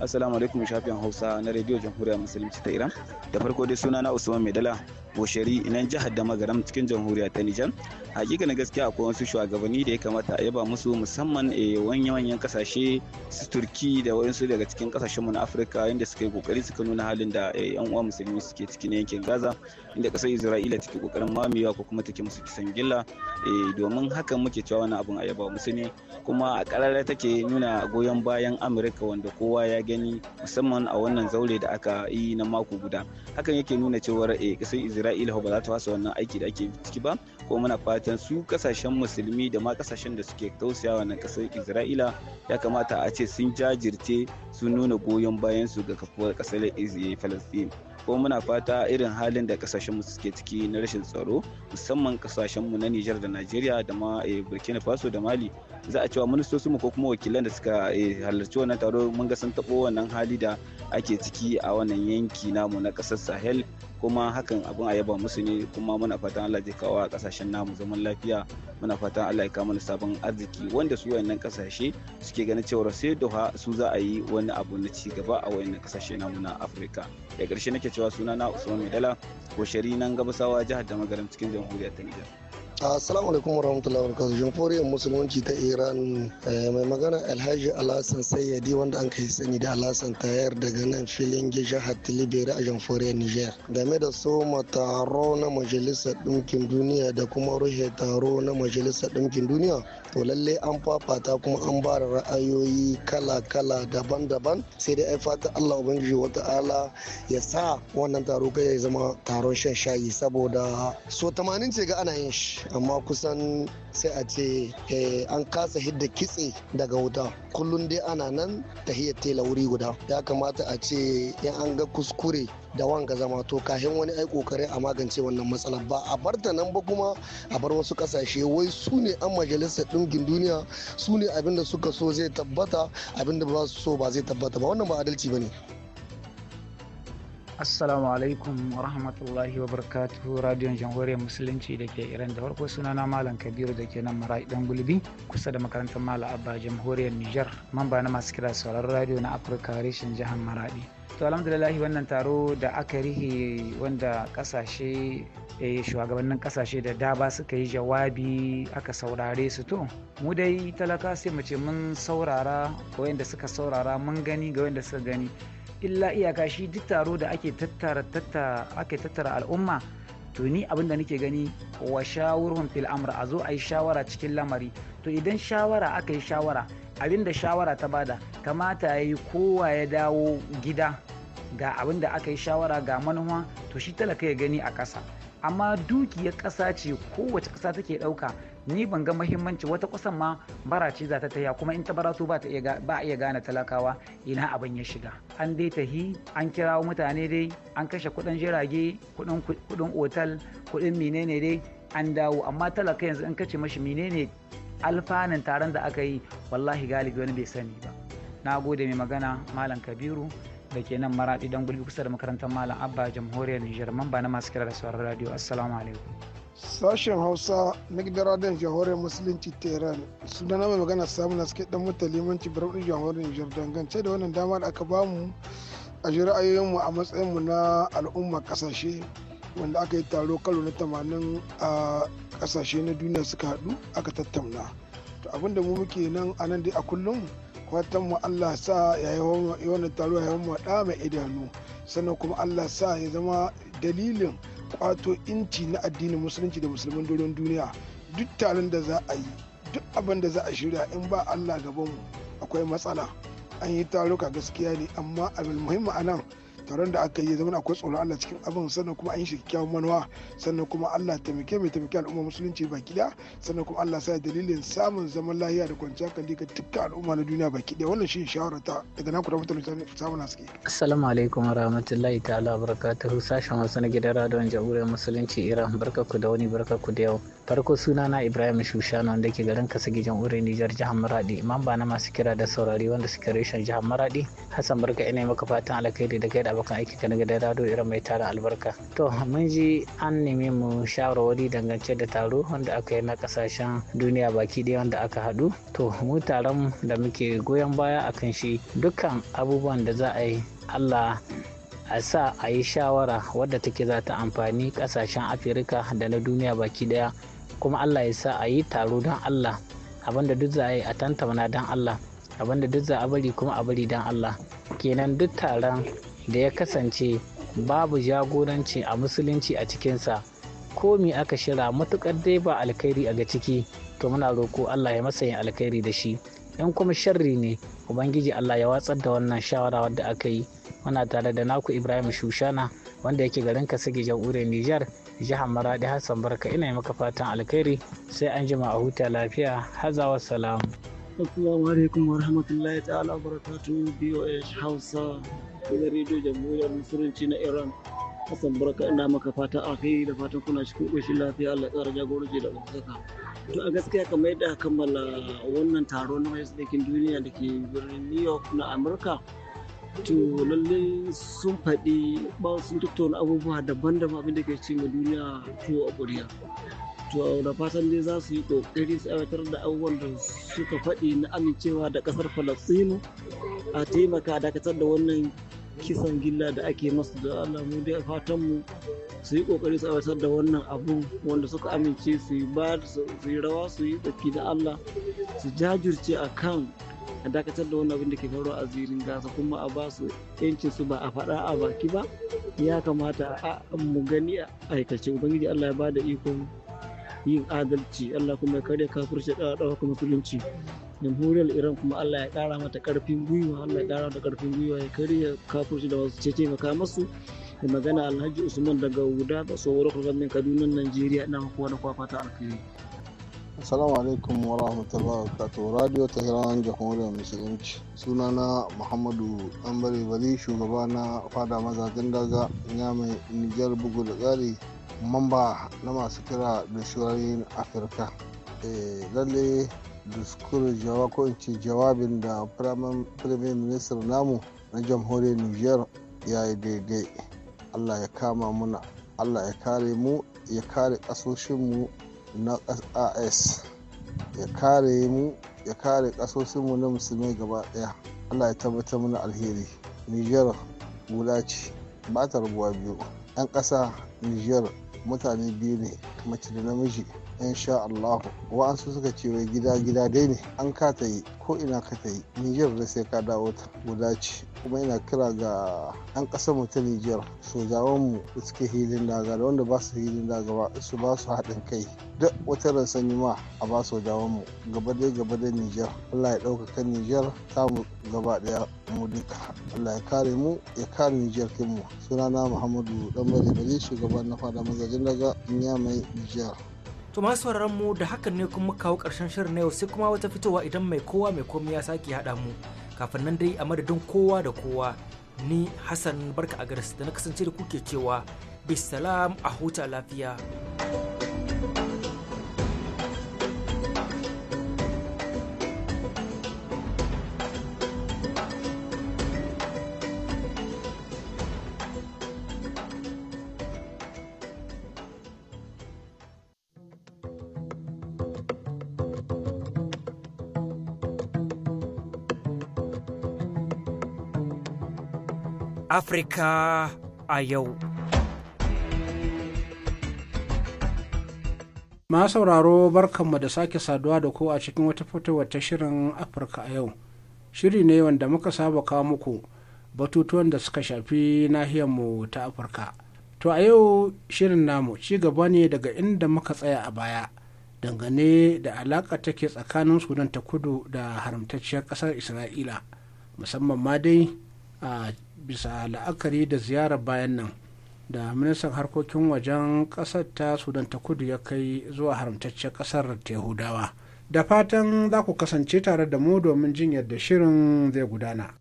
Assalamu alaikum shafin Hausa na Radio Jamhuriyar Musulunci ta Iran. Da farko dai suna na Usman Maidala boshari nan jihar da magaram cikin jamhuriya ta nijar hakika na gaskiya akwai wasu shugabanni da ya kamata a yaba musu musamman eh, a wanyan kasashe su turki da waɗansu daga cikin kasashenmu na afirka inda suka yi kokari suka nuna halin da yan eh, uwa musulmi suke cikin yankin gaza inda ƙasar isra'ila take kokarin mamewa ko kuma take musu kisan gilla eh, domin hakan muke cewa wani abun a yaba musu ne kuma a ƙarara take nuna goyon bayan amurka wanda kowa ya gani musamman a wannan zaure da aka yi na mako guda hakan yake nuna cewar ƙasar isra'ila isra'ila ba za ta fasa wannan aiki da ake ciki ba ko muna fatan su kasashen musulmi da ma kasashen da suke tausaya wannan kasar isra'ila ya kamata a ce sun jajirce sun nuna goyon bayan su ga kafuwar kasar eh, falastin ko muna fata irin halin da kasashen mu suke ciki na rashin tsaro musamman kasashen mu na niger da Najeriya da ma eh, Burkina Faso da Mali za a cewa ministoci mu ko kuma wakilan da suka eh, halarci wannan taro mun ga sun tabo wannan hali da ake ciki a wannan yanki namu na kasar Sahel kuma hakan abin a yaba musu ne kuma muna fatan Allah zai kawo a kasashen namu zaman lafiya muna fatan Allah ya kawo mana sabon arziki wanda su wayannan kasashe suke ganin cewa sai doha su za a yi wani abu na ci gaba a wayannan kasashe namu na Afirka da ƙarshe nake cewa sunana Usman Medala ko shari nan gabasawa jihar Damagaram cikin jamhuriyar ta Nijar Assalamu alaikum warahmatullahi wabarakatuh. Jamhuriyar Musulunci ta Iran eh, mai magana Alhaji Alhassan Sayyadi wanda an kai sani da Alhassan Tayar daga nan filin Gisha Hatilibere a Jamhuriyar Niger. Game da soma taro na Majalisar Ɗinkin Duniya da kuma ruhe taro na Majalisar Ɗinkin Duniya, to lalle an fafata kuma an ba da ra'ayoyi kala-kala daban-daban sai dai ai fata Allah Ubangiji wata'ala ya sa wannan taro kai ya zama taron shan shayi saboda so tamanin ce ga ana yin shi. amma kusan sai a ce eh, an kasa hidda kitse daga wuta kullum dai ana nan ta tahiyar tela wuri guda ya kamata a ce in an ga kuskure da wanga zama to kahin wani ai kokarin a magance wannan matsalar ba a ta nan ba kuma a bar wasu kasashe wai su ne an majalisar ɗungin duniya su ne abinda suka so zai tabbata abinda ba su so ba zai tabbata ba wannan ba adalci ba ne Assalamu alaikum wa rahmatullahi wa barakatuhu radiyon jamhuriyar musulunci da ke Iran da farko sunana Malam Kabiru da ke nan Marai Dan Gulbi kusa da makarantar Malam Abba jamhuriyar Nijar mamba na masu kira sauran radiyo na Afirka reshen jihar Maradi. To alhamdulillahi wannan taro da aka rihe wanda kasashe eh, shugabannin kasashe da daba suka yi jawabi aka saurare su to mu dai talaka sai mu ce mun saurara ga wanda suka saurara mun gani ga wanda suka gani illa iyaka shi duk taro da ake tattara ake tattara al'umma to ni abin da nake gani wa shawurun fil amra a zo a yi shawara cikin lamari to idan shawara aka yi shawara abin da shawara ta bada kamata ya yi kowa ya dawo gida ga abin da aka yi shawara ga manuwa to shi talaka ya gani a ƙasa amma dukiyar ƙasa ce kowace ƙasa take ɗauka ni ban ga mahimmanci wata kusan ma bara ce za ta taya kuma in ta su ba a iya gane talakawa ina abin ya shiga an dai tahi an kira mutane dai an kashe kudin jirage kudin otal kudin menene dai an dawo amma talaka yanzu in kace mashi menene alfanun taron da aka yi wallahi galibi wani bai sani ba na gode mai magana malam kabiru da ke nan maraɗi don gulbi kusa da makarantar malam abba jamhuriyar nijar ba na masu kira da sauran radio assalamu alaikum Sashen Hausa na gidan radon jamhuriyar Musulunci Tehran suna na mai magana samun na suke dan mutane limanci birnin jamhuriyar Nijar dangance da wannan dama da aka bamu a ji ra'ayoyinmu a matsayinmu na al'umma kasashe wanda aka yi taro karo na tamanin a kasashe na duniya suka haɗu aka tattauna. To abinda mu muke nan a nan dai a kullum fatan mu Allah sa ya yi wani taro ya yi ɗa mai idanu sannan kuma Allah sa ya zama dalilin kwato inci na addinin musulunci da musulman doron duniya duk taron da za a yi duk abin da za a shirya in ba Allah gaban mu akwai matsala an yi taruka gaskiya ne amma abin muhimmi a nan taron da aka yi zama akwai tsoron Allah cikin abin sannan kuma an yi shi kyakkyawan manuwa sannan kuma Allah taimake mai taimake al'umma musulunci baki daya sannan kuma Allah sa dalilin samun zaman lahiya da kwanciya kan ga duka al'umma na duniya baki daya wannan shi shawara ta daga naku da mutane samun haske assalamu alaikum warahmatullahi ta'ala barakatuhu sashen wasu na gidan radon jamhuriyar musulunci Iran barka ku da wani barka ku da yau farko suna na ibrahim shushana wanda ke garin kasa gijan ure nijar jihar maradi imam ba na masu kira da saurari wanda suke reshen jihar maradi hassan barka ina maka fatan alkhairi da kai da abokan aiki ka daga dado irin mai tara albarka to mun ji an nemi mu shawarwari dangance da taro wanda aka yi na kasashen duniya baki ɗaya wanda aka haɗu to mu taron da muke goyon baya akan shi dukkan abubuwan da za a yi allah a sa a yi shawara wadda take za ta amfani kasashen afirka da na duniya baki daya kuma allah ya sa a yi taro don allah abinda duk za a yi a tantamana don allah abinda duk za a bari kuma a bari don allah kenan duk taron da ya kasance babu jagoranci a musulunci a cikinsa komi aka shira matukar dai ba alkhairi a ga ciki to muna roko allah ya masa yin alkhairi da shi in kuma sharri ne ubangiji allah ya watsar da wannan shawara wadda aka yi muna tare da naku ibrahim shushana wanda yake garin kasige jamhuriyar nijar jihar maradi hassan barka ina yi maka fatan alkhairi sai an jima a huta lafiya hazawa salamu assalamu alaikum wa rahmatullahi ta'ala barakatuhu BOS hausa da rediyo jamhuriyar musulunci na iran hassan barka ina maka fatan alkhairi da fatan kuna cikin ƙoshin lafiya allah tsara jagoranci da ɗaukaka to a gaskiya kamar yadda kammala wannan taro na majalisar duniya da ke birnin new york na amurka to lalle sun faɗi ba sun tattauna abubuwa daban-daban abin da ke ci ma duniya ko a ƙuriya to da fatan dai za su yi ƙoƙari su aiwatar da abubuwan da suka faɗi na amincewa da ƙasar falastinu a taimaka dakatar da wannan kisan gilla da ake masu da Allah mu dai fatan mu su yi ƙoƙari su aiwatar da wannan abu wanda suka amince su yi ba su yi rawa su yi tsaki da Allah su jajirce a kan a dakatar da wani abin da ke faruwa a zirin gasa kuma a ba su yancin su ba a faɗa a baki ba ya kamata a mu gani a aikace ubangiji allah ya bada ikon yin adalci allah kuma ya karya kafirci da dawa kuma musulunci jamhuriyar iran kuma allah ya kara mata karfin gwiwa allah ya kara mata karfin gwiwa ya karya kafirci da wasu cece maka masu da magana alhaji usman daga wuda da tsohuwar gwamnatin kaduna najeriya ina kowa da kwafata alkhairi Assalamu alaikum wa rahmatullahi wa barakatuh. Radio Tehran Jamhuriyar Musulunci. Sunana Muhammadu Ɗanbare Bari shugaba na fada mazajen daga mai Nijar bugu da tsari mamba na masu kira da shirayen Afirka. Eh, lalle diskur jawa ko in ce jawabin da Prime Minister namu na Jamhuriyar Nijar ya yi daidai. Allah ya kama muna, Allah ya kare mu, ya kare ƙasoshinmu na as ya kare mu ya kare kasosinmu na musulmai gaba daya. allah ya tabbatar mana alheri niger guda ce ba ta biyu 'yan kasa niger mutane biyu ne mace da namiji sha Allahu wa'ansu suka ce wai gida gida dai ne an ka ta yi ko ina ka ta yi niger da sai ka dawo ta guda ce kuma ina kira ga 'yan ƙasar mu ta Nijar sojawan mu da suke hilin daga da wanda ba su hilin daga ba su ba su haɗin kai duk wata sanyi ma a ba sojawan mu gaba dai gaba da Nijar Allah ya ɗaukaka Nijar ta mu gaba ɗaya mu duka Allah ya kare mu ya kare Nijar kinmu sunana Muhammadu Dan Bari shugaban na fada mazajin daga mai Nijar. To masu mu da hakan ne kuma kawo karshen shirin na yau sai kuma wata fitowa idan mai kowa mai komai ya sake haɗa mu. kafin nan dai a madadin kowa da kowa ni hassan barka a garis da na kasance da kuke cewa bisalam a huta lafiya. Afirka a yau. Ma sauraro barkanmu da sake saduwa da ku a cikin wata fitowar ta shirin Afirka a yau. Shiri ne wanda muka saba kawo muku batutuwan da suka shafi nahiyarmu ta Afirka. To a yau shirin namu ci gaba ne daga inda muka tsaya a baya dangane da alaƙa take tsakanin Sudan ta kudu da haramtacciyar ƙasar Isra'ila musamman ma dai a bisa la'akari da ziyarar bayan nan da ministan harkokin wajen ƙasar ta sudan ta kudu ya kai zuwa haramtaccen ƙasar ta yahudawa da fatan za ku kasance tare da mu domin jin yadda shirin zai gudana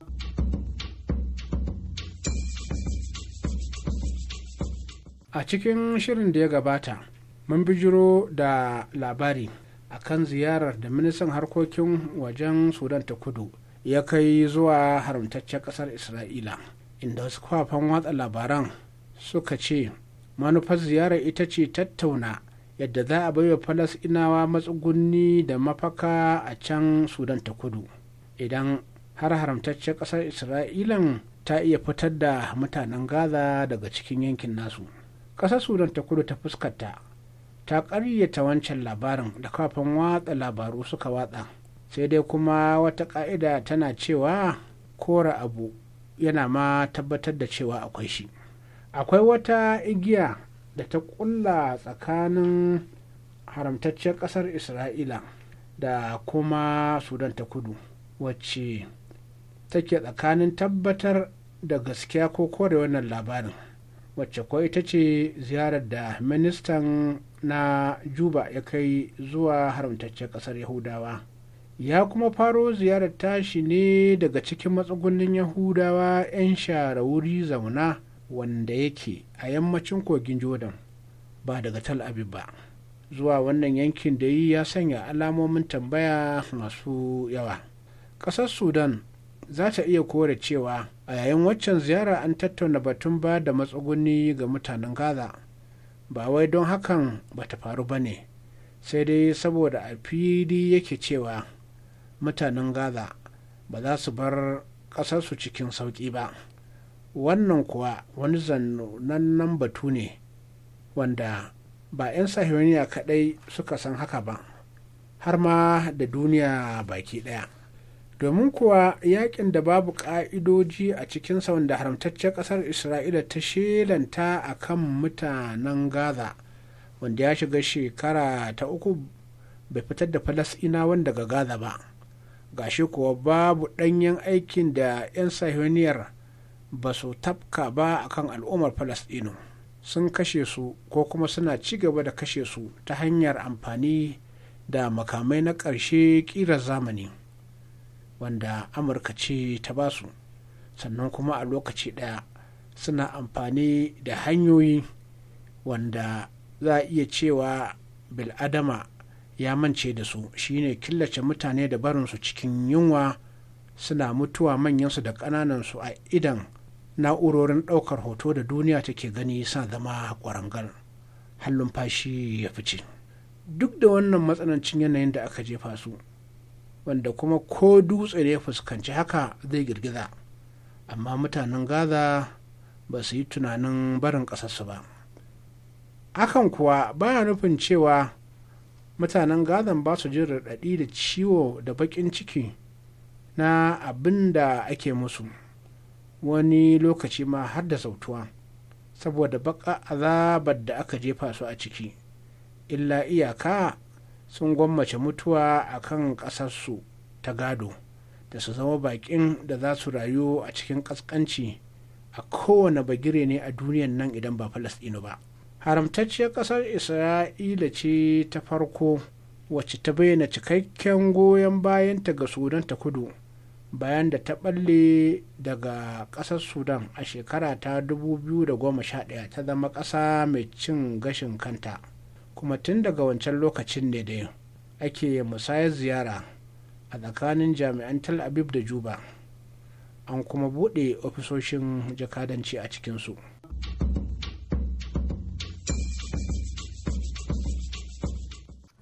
a cikin shirin da ya gabata mun bijiro da labari akan ziyarar da ministan harkokin wajen sudan ta kudu ya kai zuwa haramtaccen ƙasar isra'ila inda wasu kafafen watsa labaran suka ce manufar ziyarar ita ce tattauna yadda za a baiwa falasinawa matsugunni da mafaka a can sudan ta kudu idan har haramtaccen ƙasar isra'ilan ta iya fitar da mutanen gaza daga cikin yankin nasu ƙasar sudan ta kudu ta fuskata ta ƙaryata wancan labarin da kafin watsa labaru suka watsa sai dai kuma wata ƙa'ida tana cewa kora abu yana ma tabbatar da cewa akwai shi akwai wata igiya da ta kulla tsakanin haramtaccen ƙasar isra'ila da kuma sudan ta kudu wacce take tsakanin tabbatar da gaskiya ko kore wannan labarin wacce kawai ita ce ziyarar da ministan na juba ya kai zuwa haramtaccen ƙasar yahudawa ya kuma faro ziyarar tashi ne daga cikin matsugunin yahudawa 'yan shara wuri zauna wanda yake a yammacin kogin jordan ba daga tal abib ba zuwa wannan yankin da yi ya sanya alamomin tambaya masu yawa ƙasar sudan za ta iya kore cewa a yayin waccan ziyara an tattauna batun ba da matsuguni ga mutanen gaza ba wai don hakan ba ta faru ba ne sai dai saboda a fili yake cewa mutanen gaza ba za su bar ƙasarsu cikin sauƙi ba wannan kuwa wani zannannan batu ne wanda ba 'yan sahiyoniya kaɗai suka san haka ba har ma da duniya baki ɗaya domin kuwa yakin da babu ƙa'idoji a cikin wanda haramtaccen ƙasar isra'ila ta shelanta a kan mutanen gaza wanda ya shiga shekara ta uku bai fitar da wanda daga gaza ba gashi kuwa babu ɗanyen aikin da 'yan sahiyoniyar ba su tafka ba a kan al'ummar falasɗinu sun kashe su ko kuma suna ci gaba da kashe su ta hanyar amfani da makamai na ƙarshe ƙirar zamani wanda amurka ce ta basu sannan kuma a lokaci ɗaya suna amfani da hanyoyi wanda za a iya cewa biladama ya mance da su shine killace mutane da barinsu cikin yunwa suna mutuwa manyansu da ƙananansu a idan na'urorin ɗaukar hoto da duniya take gani sa zama ƙwarangar Hallun fashi ya fice duk da wannan matsanancin yanayin da aka jefa su wanda kuma ko dutse ne ya fuskanci haka zai girgiza amma mutanen gaza ba su yi tunanin barin ƙasarsu ba hakan kuwa baya nufin cewa mutanen gazan ba su jin raɗaɗi da ciwo da baƙin ciki na abin da ake musu wani lokaci ma har da sautuwa saboda baƙa azabar da aka jefa su a ciki illa iyaka sun gwammace mutuwa a kan ƙasarsu ta gado da su zama baƙin da za su rayu a cikin ƙasƙanci a kowane bagire ne a duniyan nan idan ba falasɗinu ba haramtacciyar ƙasar isra'ila ce ta farko wacce ta bayyana cikakken goyon bayanta ga sudan ta kudu bayan da ta balle daga ƙasar sudan a shekara ta 2011 ta zama ƙasa mai cin gashin kanta kuma tun daga wancan lokacin ne da ake musayar ziyara a tsakanin jami'an Tal Abib da juba an kuma buɗe ofisoshin jakadanci a cikinsu.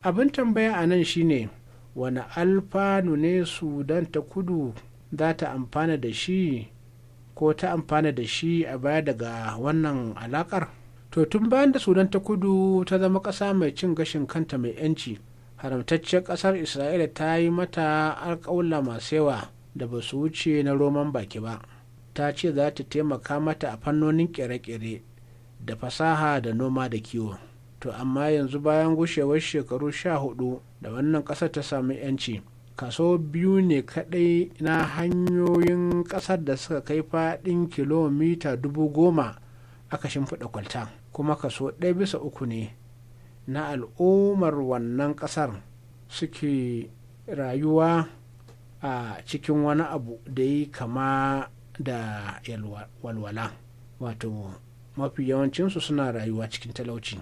abin tambaya a nan shine wani alfanu ne sudan ta kudu za ta amfana da shi ko ta amfana da shi a baya daga wannan alakar to tun bayan da sudan ta kudu ta zama ƙasa mai cin gashin kanta mai 'yanci haramtacciyar ƙasar isra'ila ta yi mata alƙawla masu yawa da ba su wuce na roman baki ba ta ce za ta taimaka mata a fannonin ƙere-ƙere da fasaha da noma da kiwo to amma yanzu bayan gushewar shekaru sha hudu da wannan ƙasar ta sami 'yanci kaso biyu ne kadai na hanyoyin ƙasar da suka kai faɗin kilomita dubu goma aka shimfiɗa kwalta kuma kaso ɗaya bisa uku ne na al'ummar wannan ƙasar suke rayuwa a cikin wani abu da yi kama da walwala wato mafi yawancinsu suna rayuwa cikin talauci.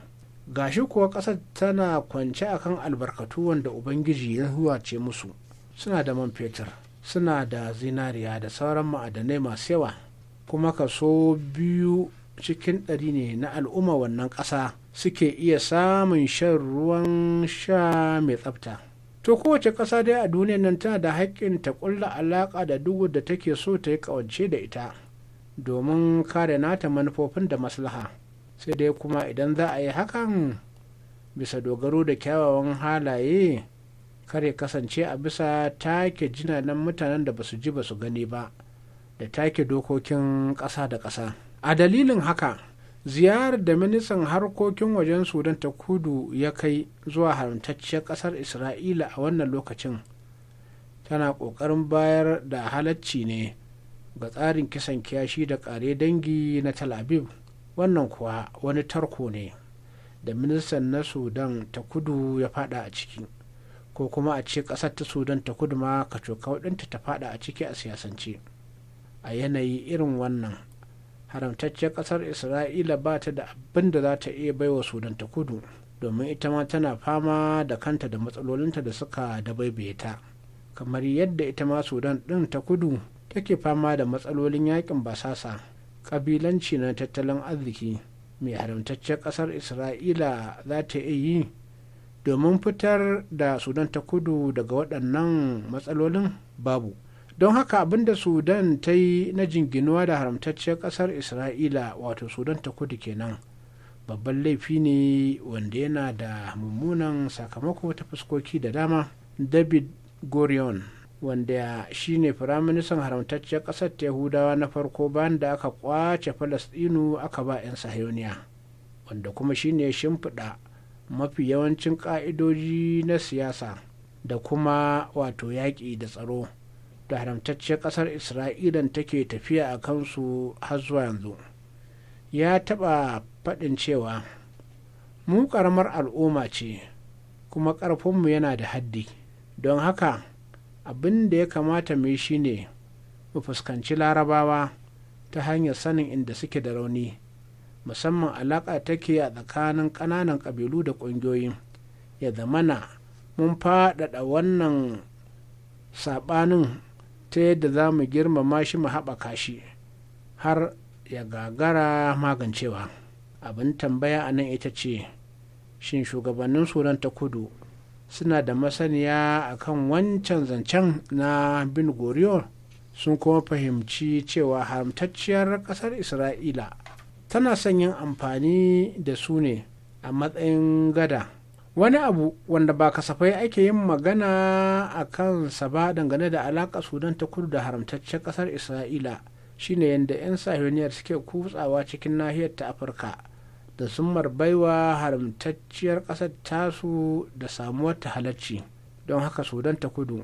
gashi kuwa ƙasar tana kwance a kan albarkatu wanda ubangiji ya huwace musu suna da man fetur suna da zinariya da sauran ma'adanai masu yawa kuma kaso biyu cikin ɗari ne na al'umma wannan ƙasa suke iya samun shan ruwan sha mai tsafta to kowace ƙasa dai a duniyan nan tana da haƙƙin ta ƙulla alaƙa da duk da take so ta yi ƙawance da ita domin kare nata manufofin da maslaha sai dai kuma idan za a yi hakan bisa dogaro da kyawawan halaye kar ya kasance a bisa take jinanan mutanen da basu ji ba su gani ba da take dokokin ƙasa da ƙasa a dalilin haka ziyarar da ministan harkokin wajen sudan ta kudu ya kai zuwa haramtacciyar ƙasar isra'ila a wannan lokacin tana ƙoƙarin bayar da halacci ne ga tsarin kisan kiyashi da ƙare dangi na tel wannan kuwa wani tarko ne da ministan na sudan ta kudu ya fada a ciki ko kuma a ce kasar ta sudan ta kudu ma ka kacokau ɗinta ta fada a ciki a siyasance a yanayi irin wannan haramtacciyar kasar isra'ila ba ta da abin da za ta iya baiwa sudan ta kudu domin ita ma tana fama da kanta da matsalolinta da suka dabaibaye ta kamar yadda ita ma sudan ɗin ta kudu take fama da matsalolin yakin basasa kabilanci na tattalin arziki mai haramtaccen ƙasar isra'ila za ta yi domin fitar da sudan ta kudu daga waɗannan matsalolin babu don haka abin da sudan ta yi na jinginuwa da haramtacciyar ƙasar isra'ila wato sudan ta kudu kenan babban laifi ne wanda yana da mummunan sakamako ta fuskoki da dama david gorion wanda shi ne firaministan haramtacciyar ƙasar ta yahudawa na farko bayan da aka kwace falastinu aka ba 'yan sahiyoniya wanda kuma shi ne shimfiɗa mafi yawancin ƙa'idoji na siyasa da kuma wato yaƙi da tsaro da haramtacciyar ƙasar isra'ilan take tafiya a kansu har zuwa yanzu ya taɓa faɗin cewa mu ƙaramar al'umma ce kuma ƙarfinmu yana da haddi don haka abin da ya kamata mu yi ne mu fuskanci larabawa ta hanyar sanin inda suke da rauni musamman alaƙa take a tsakanin ƙananan ƙabilu da ƙungiyoyi ya zamana mun faɗaɗa wannan saɓanin ta yadda za mu girmama shi mu haɓaka shi har ya gagara magancewa abin tambaya a nan ita ce shin shugabannin sudan ta kudu suna da masaniya a kan wancan zancen na bin goriyo sun kuma fahimci cewa haramtacciyar ƙasar isra'ila tana son yin amfani da su ne a matsayin gada wani abu wanda ba kasafai ake yin magana a kansa ba dangane da alaƙa sudan ta kudu da haramtacciyar ƙasar isra'ila shine yadda 'yan sahiyoniyar suke kutsawa cikin nahiyar ta afirka da sun baiwa haramtacciyar ƙasar tasu da samuwar ta halacci don haka sudan ta kudu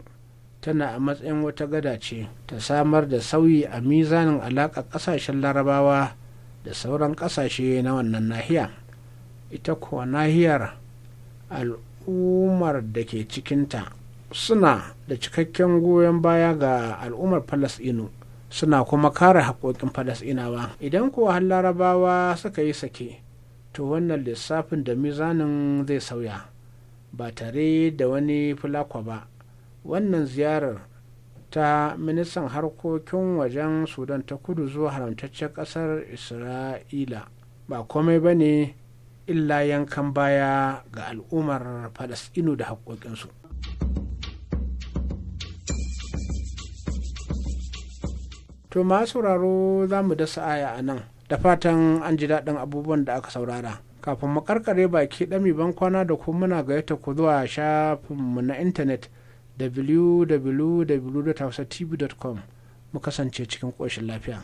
tana a matsayin wata gada ce ta samar da sauyi a mizanin alaƙa ƙasashen larabawa da sauran ƙasashe na wannan nahiya ita kuwa nahiyar al'ummar da ke cikinta suna da cikakken goyon baya ga al'ummar falasɗinu suna kuma kare haƙoƙin falasɗinawa idan kuwa har larabawa suka yi sake to wannan lissafin da mizanin zai sauya ba tare da wani fulakwa ba wannan ziyarar ta ministan harkokin wajen sudan ta kudu zuwa haramtaccen kasar isra'ila ba komai ba ne illa yankan baya ga al'ummar falasɗinu da haƙoƙinsu to masu raro za mu dasa aya a nan da fatan an ji daɗin abubuwan da aka saurara kafin mu karkare baki ɗami ban kwana da kuma muna gayyata ku zuwa shafinmu na intanet www.hausatv.com mu kasance cikin ƙoshin lafiya.